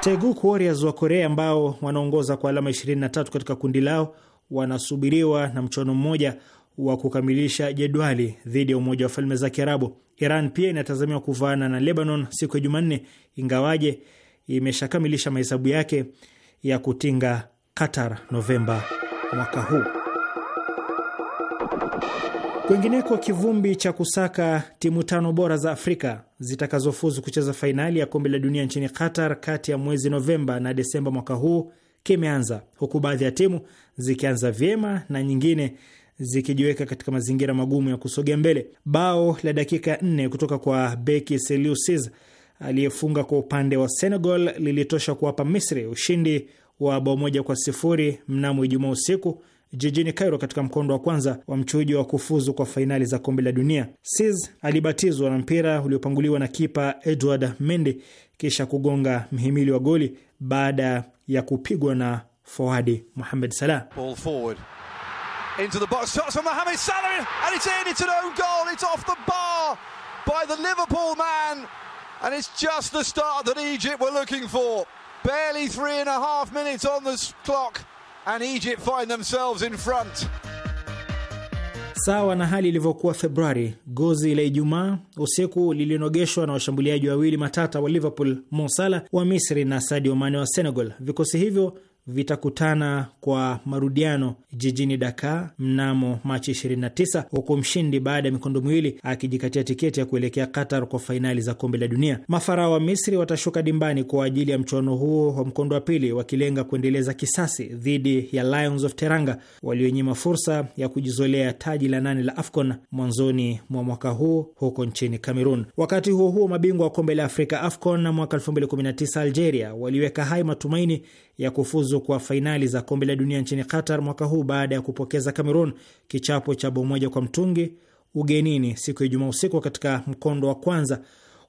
Taeguk Warriors wa Korea ambao wanaongoza kwa alama 23 katika kundi lao wanasubiriwa na mchuano mmoja wa kukamilisha jedwali dhidi ya Umoja wa Falme za Kiarabu. Iran pia inatazamiwa kuvaana na Lebanon siku ya Jumanne, ingawaje imeshakamilisha mahesabu yake ya kutinga Qatar Novemba mwaka huu. Kwingineko, kivumbi cha kusaka timu tano bora za Afrika zitakazofuzu kucheza fainali ya kombe la dunia nchini Qatar kati ya mwezi Novemba na Desemba mwaka huu kimeanza, huku baadhi ya timu zikianza vyema na nyingine zikijiweka katika mazingira magumu ya kusogea mbele. Bao la dakika nne kutoka kwa beki Saliou aliyefunga kwa upande wa Senegal lilitosha kuwapa Misri ushindi wa bao moja kwa sifuri mnamo Ijumaa usiku jijini Cairo katika mkondo wa kwanza wa mchujo wa kufuzu kwa fainali za kombe la dunia. Sis alibatizwa na mpira uliopanguliwa na kipa Edward Mendy kisha kugonga mhimili wa goli baada ya kupigwa na fawadi Mohamed Salah into the box. Shots from Mohamed Salah, and it's in. It's an own goal. It's off the bar by the Liverpool man, and it's just the start that Egypt were looking for. Barely three and a half minutes on the clock, and Egypt find themselves in front. Sawa na hali ilivyokuwa Februari, gozi la Ijumaa usiku lilinogeshwa na washambuliaji wawili matata wa Liverpool, Mo Salah wa Misri na Sadio Mane wa Senegal. Vikosi hivyo vitakutana kwa marudiano jijini Dakar mnamo Machi 29 huku mshindi baada ya mikondo miwili akijikatia tiketi ya kuelekea Qatar kwa fainali za kombe la dunia. Mafarao wa Misri watashuka dimbani kwa ajili ya mchuano huo wa mkondo wa pili, wakilenga kuendeleza kisasi dhidi ya Lions of Teranga walionyima fursa ya kujizolea taji la nane la AFCON mwanzoni mwa mwaka huu huko nchini Cameroon. Wakati huo huo, mabingwa wa kombe la Afrika AFCON na mwaka 2019 Algeria waliweka hai matumaini ya kufuzu kwa fainali za kombe la dunia nchini Qatar mwaka huu baada ya kupokeza Cameroon kichapo cha bao moja kwa mtungi ugenini siku ya Ijumaa usiku katika mkondo wa kwanza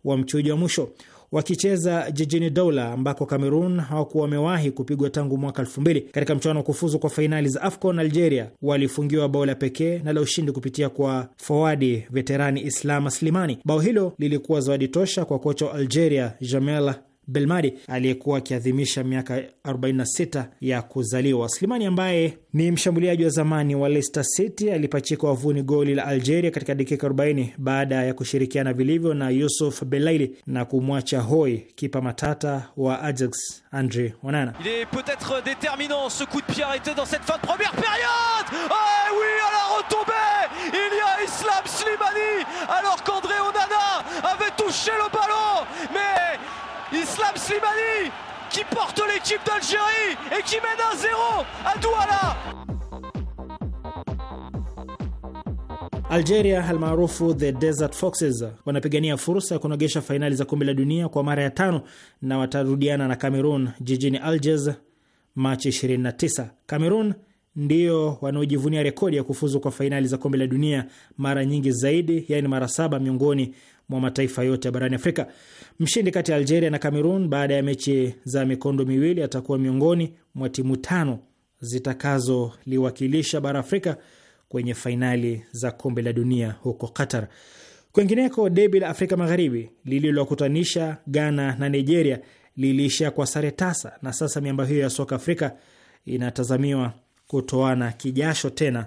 wa mchujo wa mwisho wakicheza jijini Doula ambako Cameroon hawakuwa wamewahi kupigwa tangu mwaka elfu mbili. Katika mchuano wa kufuzu kwa fainali za AFCON, Algeria walifungiwa bao la pekee na la ushindi kupitia kwa fawadi veterani Islama Slimani. Bao hilo lilikuwa zawadi tosha kwa kocha wa Algeria Jamel Belmadi aliyekuwa akiadhimisha miaka 46 ya kuzaliwa. Slimani ambaye ni mshambuliaji wa zamani wa Leicester City alipachika wavuni goli la Algeria katika dakika 40 baada ya kushirikiana vilivyo na Yusuf Belaili na kumwacha hoi kipa matata wa Ajax Andre Onana. Il est peut-être déterminant ce coup de pied arrêté dans cette fin de première période. Oh oui, à la retombée porte l'équipe d'Algérie et qui mène à 0 à Douala. Algeria almaarufu the Desert Foxes wanapigania fursa ya kunogesha fainali za kombe la dunia kwa mara ya tano na watarudiana na Cameroon jijini Algiers Machi 29. Cameroon ndio wanaojivunia rekodi ya kufuzu kwa fainali za kombe la dunia mara nyingi zaidi, yaani mara saba miongoni mwa mataifa yote ya barani Afrika. Mshindi kati ya Algeria na Cameroon baada ya mechi za mikondo miwili atakuwa miongoni mwa timu tano zitakazoliwakilisha bara Afrika kwenye fainali za kombe la dunia huko Qatar. Kwengineko, debi la Afrika Magharibi lililokutanisha Ghana na Nigeria liliishia kwa sare tasa, na sasa miamba hiyo ya soka Afrika inatazamiwa kutoana kijasho tena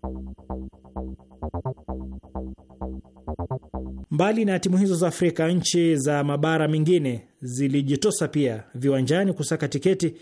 Mbali na timu hizo za Afrika, nchi za mabara mengine zilijitosa pia viwanjani kusaka tiketi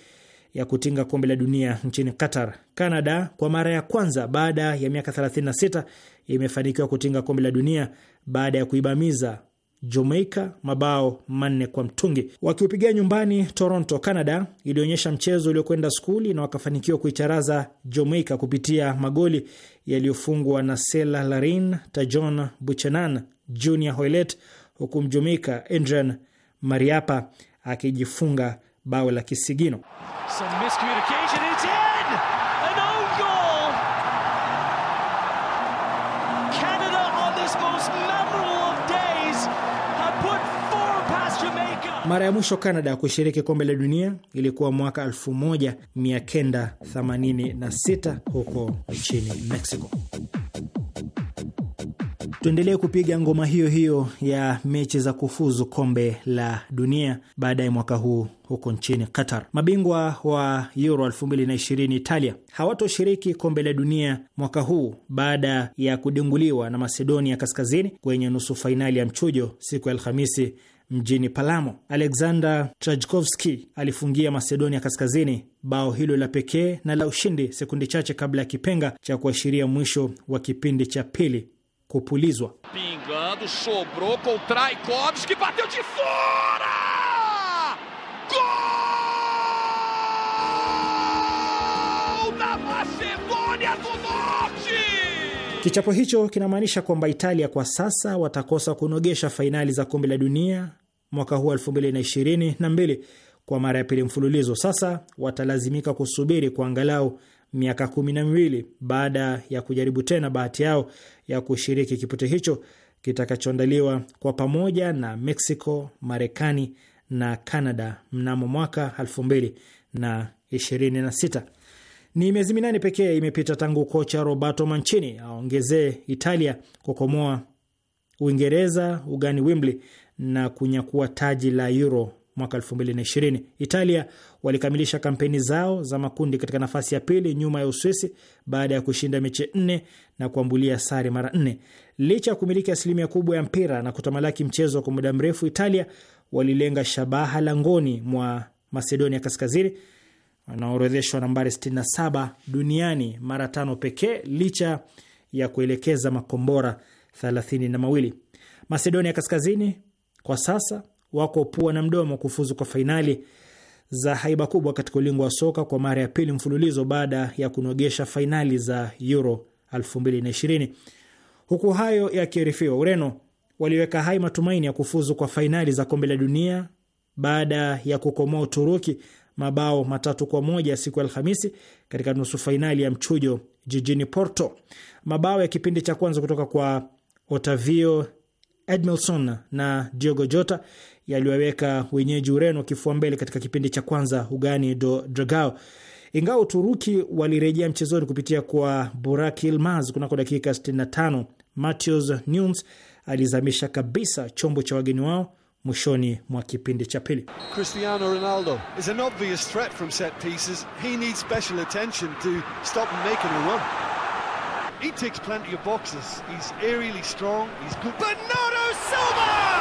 ya kutinga kombe la dunia nchini Qatar. Canada kwa mara ya kwanza baada ya miaka 36 imefanikiwa kutinga kombe la dunia baada ya kuibamiza Jamaica mabao manne kwa mtungi. Wakiupigia nyumbani Toronto, Canada ilionyesha mchezo uliokwenda skuli na wakafanikiwa kuicharaza Jamaica kupitia magoli yaliyofungwa na Sela Larin, Tajon Buchanan Junior Hoilet, huku Mjumika Adrian Mariapa akijifunga bao la kisigino. Mara ya mwisho Canada kushiriki kombe la dunia ilikuwa mwaka 1986 huko nchini Mexico. Tuendelee kupiga ngoma hiyo hiyo ya mechi za kufuzu kombe la dunia baadaye mwaka huu huko nchini Qatar. Mabingwa wa Euro 2020 Italia hawatoshiriki kombe la dunia mwaka huu baada ya kudinguliwa na Masedonia Kaskazini kwenye nusu fainali ya mchujo siku ya Alhamisi mjini Palamo. Alexander Trajkovski alifungia Masedonia Kaskazini bao hilo la pekee na la ushindi sekundi chache kabla ya kipenga cha kuashiria mwisho wa kipindi cha pili kupulizwa. Pingando, sobrou com Traikovski, bateu de fora! Gol da Macedônia do Norte! Kichapo hicho kinamaanisha kwamba Italia kwa sasa watakosa kunogesha fainali za kombe la dunia mwaka huu mbili kwa mara ya pili mfululizo. Sasa watalazimika kusubiri kwa angalau miaka kumi na miwili baada ya kujaribu tena bahati yao ya kushiriki kipute hicho kitakachoandaliwa kwa pamoja na Mexico, Marekani na Canada mnamo mwaka 2026. Ni miezi minane pekee imepita tangu kocha Roberto Mancini aongezee Italia kukomoa Uingereza ugani Wembley na kunyakua taji la Euro mwaka 2020. Italia walikamilisha kampeni zao za makundi katika nafasi ya pili nyuma ya Uswisi baada ya kushinda mechi nne na kuambulia sare mara nne. Licha ya kumiliki asilimia kubwa ya mpira na kutamalaki mchezo kwa muda mrefu, Italia walilenga shabaha langoni mwa Macedonia Kaskazini wanaorodheshwa nambari 67 duniani mara tano pekee licha ya kuelekeza makombora thelathini na mawili. Macedonia Kaskazini kwa sasa wako pua na mdomo kufuzu kwa fainali za haiba kubwa katika ulingo wa soka kwa mara ya pili mfululizo baada ya kunogesha fainali za Euro 2020. Huku hayo yakiarifiwa, Ureno waliweka hai matumaini ya kufuzu kwa fainali za kombe la dunia baada ya kukomoa Uturuki mabao matatu kwa moja siku ya Alhamisi katika nusu fainali ya mchujo jijini Porto. Mabao ya kipindi cha kwanza kutoka kwa Otavio Edmilson na Diogo Jota yaliyoweka wenyeji Ureno kifua mbele katika kipindi cha kwanza ugani do Dragao. Ingawa Uturuki walirejea mchezoni kupitia kwa Burak Yilmaz kunako dakika 65, Matheus Nunes alizamisha kabisa chombo cha wageni wao mwishoni mwa kipindi cha pili. Cristiano Ronaldo is an obvious threat from set pieces. He needs special attention to stop making a run. He ticks plenty of boxes. He's aerially strong. He's good. Bernardo Silva!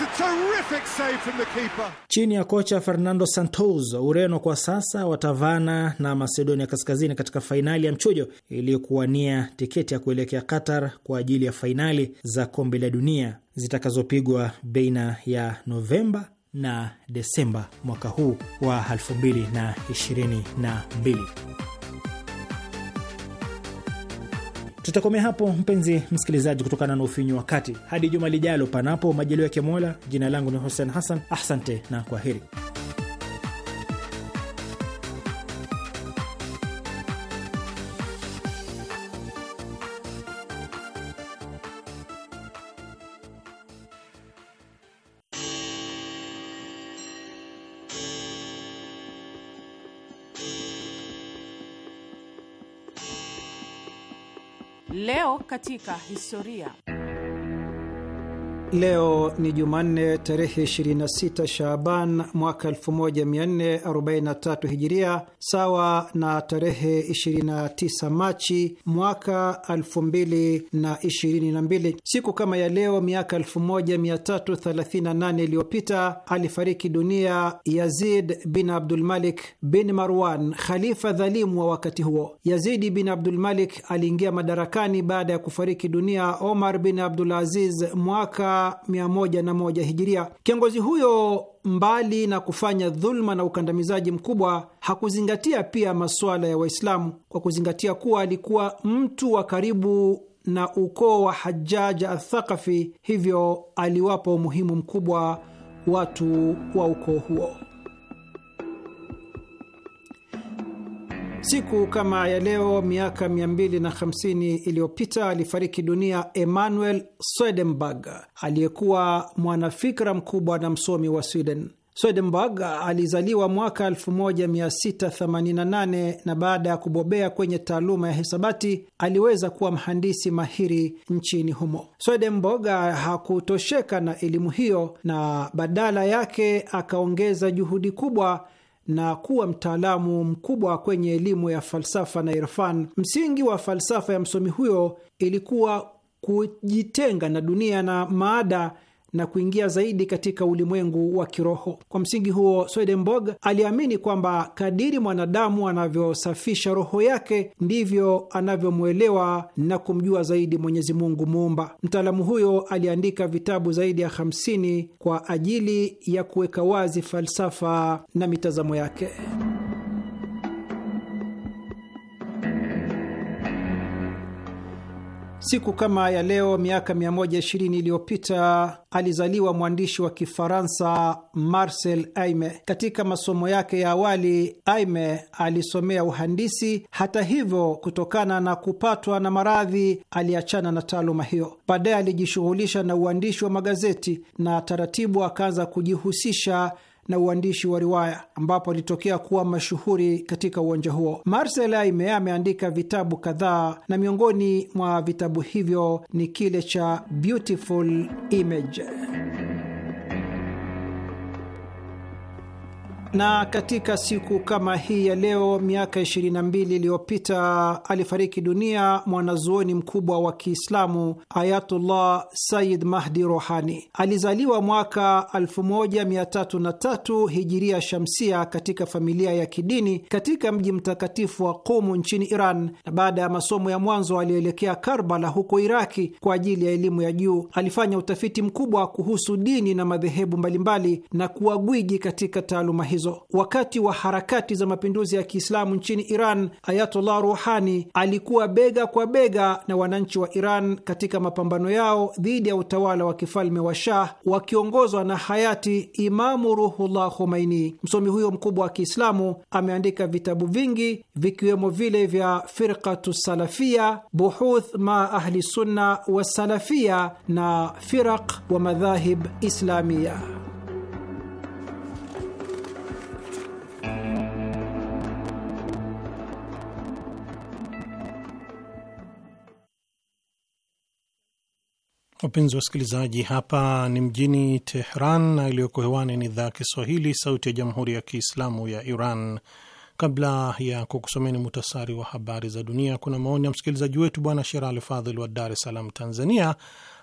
a terrific save from the keeper. Chini ya kocha Fernando Santos, Ureno kwa sasa watavana na Macedonia Kaskazini katika fainali ya mchujo iliyokuwania tiketi ya kuelekea Qatar kwa ajili ya fainali za kombe la dunia zitakazopigwa baina ya Novemba na Desemba mwaka huu wa 2022. Tutakomea hapo mpenzi msikilizaji, kutokana na ufinyu wakati. Hadi juma lijalo, panapo majaliwa ya Mola. Jina langu ni Hussein Hassan, asante na kwaheri. katika historia. Leo ni Jumanne tarehe 26 Shaaban mwaka 1443 Hijiria, sawa na tarehe 29 Machi mwaka 2022. Siku kama ya leo miaka 1338 iliyopita alifariki dunia Yazid bin Abdulmalik bin Marwan, khalifa dhalimu wa wakati huo. Yazidi bin Abdulmalik aliingia madarakani baada ya kufariki dunia Omar bin Abdulaziz mwaka mwaka 101 hijiria. Kiongozi huyo mbali na kufanya dhuluma na ukandamizaji mkubwa, hakuzingatia pia masuala ya Waislamu kwa kuzingatia kuwa alikuwa mtu wa karibu na ukoo wa Hajaja Athaqafi, hivyo aliwapa umuhimu mkubwa watu wa ukoo huo. Siku kama ya leo miaka 250 iliyopita alifariki dunia emmanuel Swedenborg aliyekuwa mwanafikra mkubwa na msomi wa Sweden. Swedenborg alizaliwa mwaka 1688 na baada ya kubobea kwenye taaluma ya hisabati aliweza kuwa mhandisi mahiri nchini humo. Swedenborg hakutosheka na elimu hiyo, na badala yake akaongeza juhudi kubwa na kuwa mtaalamu mkubwa kwenye elimu ya falsafa na irfan. Msingi wa falsafa ya msomi huyo ilikuwa kujitenga na dunia na maada na kuingia zaidi katika ulimwengu wa kiroho. Kwa msingi huo, Swedenborg aliamini kwamba kadiri mwanadamu anavyosafisha roho yake ndivyo anavyomwelewa na kumjua zaidi Mwenyezi Mungu Muumba. Mtaalamu huyo aliandika vitabu zaidi ya 50 kwa ajili ya kuweka wazi falsafa na mitazamo yake. Siku kama ya leo miaka 120 iliyopita alizaliwa mwandishi wa Kifaransa Marcel Aime. Katika masomo yake ya awali, Aime alisomea uhandisi. Hata hivyo, kutokana na kupatwa na maradhi, aliachana na taaluma hiyo. Baadaye alijishughulisha na uandishi wa magazeti na taratibu akaanza kujihusisha na uandishi wa riwaya, ambapo alitokea kuwa mashuhuri katika uwanja huo. Marcel Aime ameandika vitabu kadhaa na miongoni mwa vitabu hivyo ni kile cha Beautiful Image. na katika siku kama hii ya leo miaka 22 iliyopita alifariki dunia mwanazuoni mkubwa wa Kiislamu Ayatullah Sayyid Mahdi Rohani. Alizaliwa mwaka 1303 hijiria shamsia katika familia ya kidini katika mji mtakatifu wa Qumu nchini Iran, na baada ya masomo ya mwanzo alielekea Karbala huko Iraki kwa ajili ya elimu ya juu. Alifanya utafiti mkubwa kuhusu dini na madhehebu mbalimbali na kuwa gwiji katika taaluma hizo hizo. Wakati wa harakati za mapinduzi ya Kiislamu nchini Iran, Ayatollah Ruhani alikuwa bega kwa bega na wananchi wa Iran katika mapambano yao dhidi ya utawala wa kifalme wa Shah wakiongozwa na hayati Imamu Ruhullah Khomeini. Msomi huyo mkubwa wa Kiislamu ameandika vitabu vingi vikiwemo vile vya Firqatu Salafia, Buhuth ma Ahli Sunna na Firaq wa Madhahib Islamia. Wapenzi wa wasikilizaji, hapa ni mjini Tehran na iliyoko hewani ni idhaa ya Kiswahili, sauti ya jamhuri ya kiislamu ya Iran. Kabla ya kukusomeni muhtasari wa habari za dunia, kuna maoni ya msikilizaji wetu Bwana Sherali Fadhil wa Dar es Salaam, Tanzania.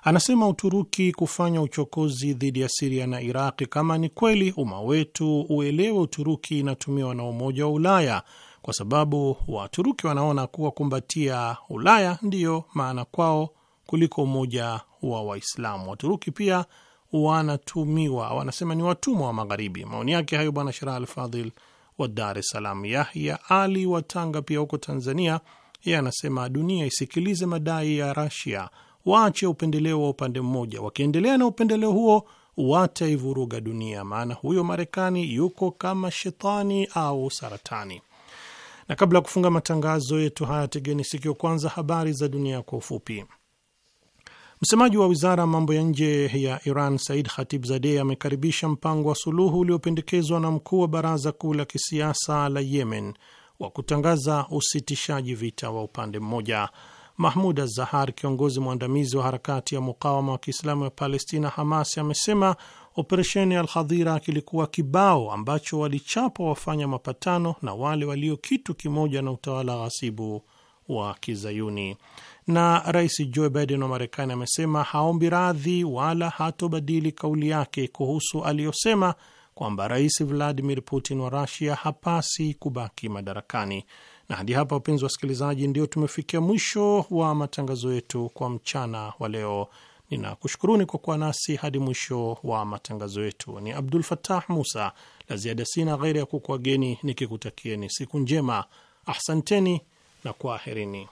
Anasema Uturuki kufanya uchokozi dhidi ya Siria na Iraqi, kama ni kweli, umma wetu uelewe Uturuki inatumiwa na Umoja wa Ulaya kwa sababu Waturuki wanaona kuwa kumbatia Ulaya ndiyo maana kwao kuliko umoja wa Waislamu. Waturuki pia wanatumiwa, wanasema ni watumwa wa Magharibi. Maoni yake hayo Bwana Sherah Alfadhil wa Dar es Salaam. Yahya Ali wa Tanga, pia huko Tanzania, yeye anasema dunia isikilize madai ya Rasia, waache upendeleo wa upande mmoja. Wakiendelea na upendeleo huo wataivuruga dunia, maana huyo Marekani yuko kama shetani au saratani. Na kabla ya kufunga matangazo yetu haya, tegeni sikio kwanza habari za dunia kwa ufupi. Msemaji wa wizara ya mambo ya nje ya Iran Said khatib zade amekaribisha mpango wa suluhu uliopendekezwa na mkuu wa baraza kuu la kisiasa la Yemen wa kutangaza usitishaji vita wa upande mmoja. Mahmud Azzahar, kiongozi mwandamizi wa harakati ya mukawama wa kiislamu ya Palestina, Hamas, amesema operesheni ya Alhadhira kilikuwa kibao ambacho walichapa wafanya mapatano na wale walio kitu kimoja na utawala ghasibu wa Kizayuni na Rais Joe Biden wa Marekani amesema haombi radhi wala hatobadili kauli yake kuhusu aliyosema kwamba Rais Vladimir Putin wa Rusia hapasi kubaki madarakani. Na hadi hapa, wapenzi wa wasikilizaji, ndio tumefikia mwisho wa matangazo yetu kwa mchana wa leo. Ninakushukuruni kwa kuwa nasi hadi mwisho wa matangazo yetu. Ni Abdul fatah Musa. La ziada sina ghairi ya kukuageni nikikutakieni siku njema. Ahsanteni na kwaherini.